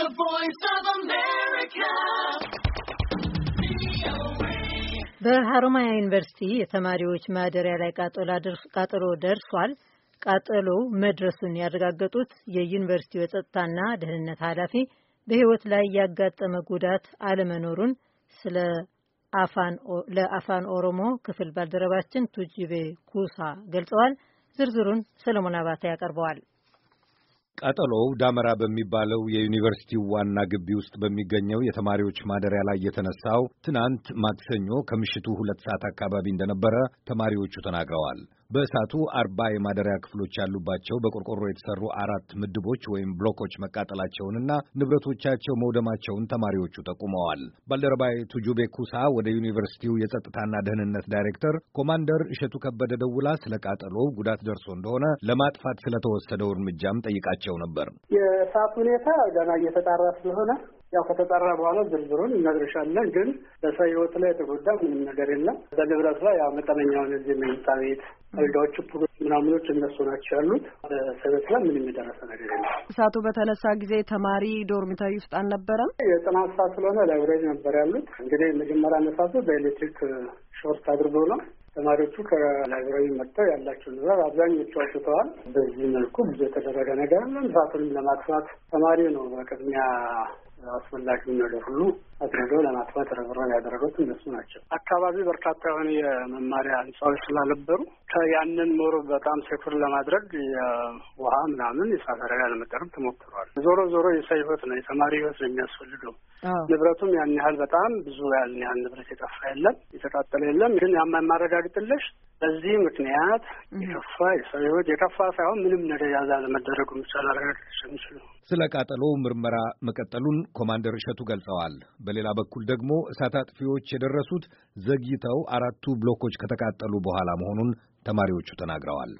The Voice of America. በሐሮማያ ዩኒቨርሲቲ የተማሪዎች ማደሪያ ላይ ቃጠሎ ደርሷል። ቃጠሎ መድረሱን ያረጋገጡት የዩኒቨርሲቲው የጸጥታና ደህንነት ኃላፊ በሕይወት ላይ ያጋጠመ ጉዳት አለመኖሩን ስለ ለአፋን ኦሮሞ ክፍል ባልደረባችን ቱጂቤ ኩሳ ገልጸዋል። ዝርዝሩን ሰለሞን አባተ ያቀርበዋል። ቀጠሎው ዳመራ በሚባለው የዩኒቨርሲቲው ዋና ግቢ ውስጥ በሚገኘው የተማሪዎች ማደሪያ ላይ የተነሳው ትናንት ማክሰኞ ከምሽቱ ሁለት ሰዓት አካባቢ እንደነበረ ተማሪዎቹ ተናግረዋል። በእሳቱ አርባ የማደሪያ ክፍሎች ያሉባቸው በቆርቆሮ የተሰሩ አራት ምድቦች ወይም ብሎኮች መቃጠላቸውንና ንብረቶቻቸው መውደማቸውን ተማሪዎቹ ጠቁመዋል። ባልደረባይ ቱጁቤ ኩሳ ወደ ዩኒቨርሲቲው የጸጥታና ደህንነት ዳይሬክተር ኮማንደር እሸቱ ከበደ ደውላ ስለ ቃጠሎ ጉዳት ደርሶ እንደሆነ ለማጥፋት ስለተወሰደው እርምጃም ጠይቃቸው ነበር። የእሳቱ ሁኔታ ገና እየተጣራ ስለሆነ ያው ከተጠራ በኋላ ዝርዝሩን እነግርሻለን። ግን በሰው ህይወት ላይ የተጎዳ ምንም ነገር የለም። በንብረት ላይ ያው መጠነኛውን እዚህ መኝታ ቤት አልጋዎቹ ምናምኖች እነሱ ናቸው ያሉት። በሰበት ላይ ምንም የደረሰ ነገር የለም። እሳቱ በተነሳ ጊዜ ተማሪ ዶርሚታዊ ውስጥ አልነበረም። የጥናት ሰዓት ስለሆነ ላይብሬሪ ነበር ያሉት። እንግዲህ መጀመሪያ ነሳቱ በኤሌክትሪክ ሾርት አድርጎ ነው። ተማሪዎቹ ከላይብራሪ መጥተው ያላቸው ንብረት አብዛኞቹ አውጥተዋል። በዚህ መልኩ ብዙ የተደረገ ነገር አለ። እሳቱንም ለማጥፋት ተማሪ ነው በቅድሚያ አስፈላጊውን ነገር ሁሉ አድርገው ለማጥፋት ርብርብ ያደረጉት እነሱ ናቸው። አካባቢ በርካታ የሆነ የመማሪያ ህንፃዎች ስላልነበሩ ያንን ሞር በጣም ሴኩር ለማድረግ የውሃ ምናምን የሳት አደጋ ለመቀረብ ተሞክሯል። ዞሮ ዞሮ የሰው ህይወት ነው የተማሪ ህይወት ነው የሚያስፈልገው። ንብረቱም ያን ያህል በጣም ብዙ ያን ያህል ንብረት የጠፋ የለም የተቃጠለ የለም። ግን ያማ ማረጋግጥልሽ በዚህ ምክንያት የከፋ የሰው የከፋ ሳይሆን ምንም ነገር ያዛ ለመደረጉ ምቻል ስለ ቃጠሎ ምርመራ መቀጠሉን ኮማንደር እሸቱ ገልጸዋል። በሌላ በኩል ደግሞ እሳት አጥፊዎች የደረሱት ዘግይተው አራቱ ብሎኮች ከተቃጠሉ በኋላ መሆኑን ተማሪዎቹ ተናግረዋል።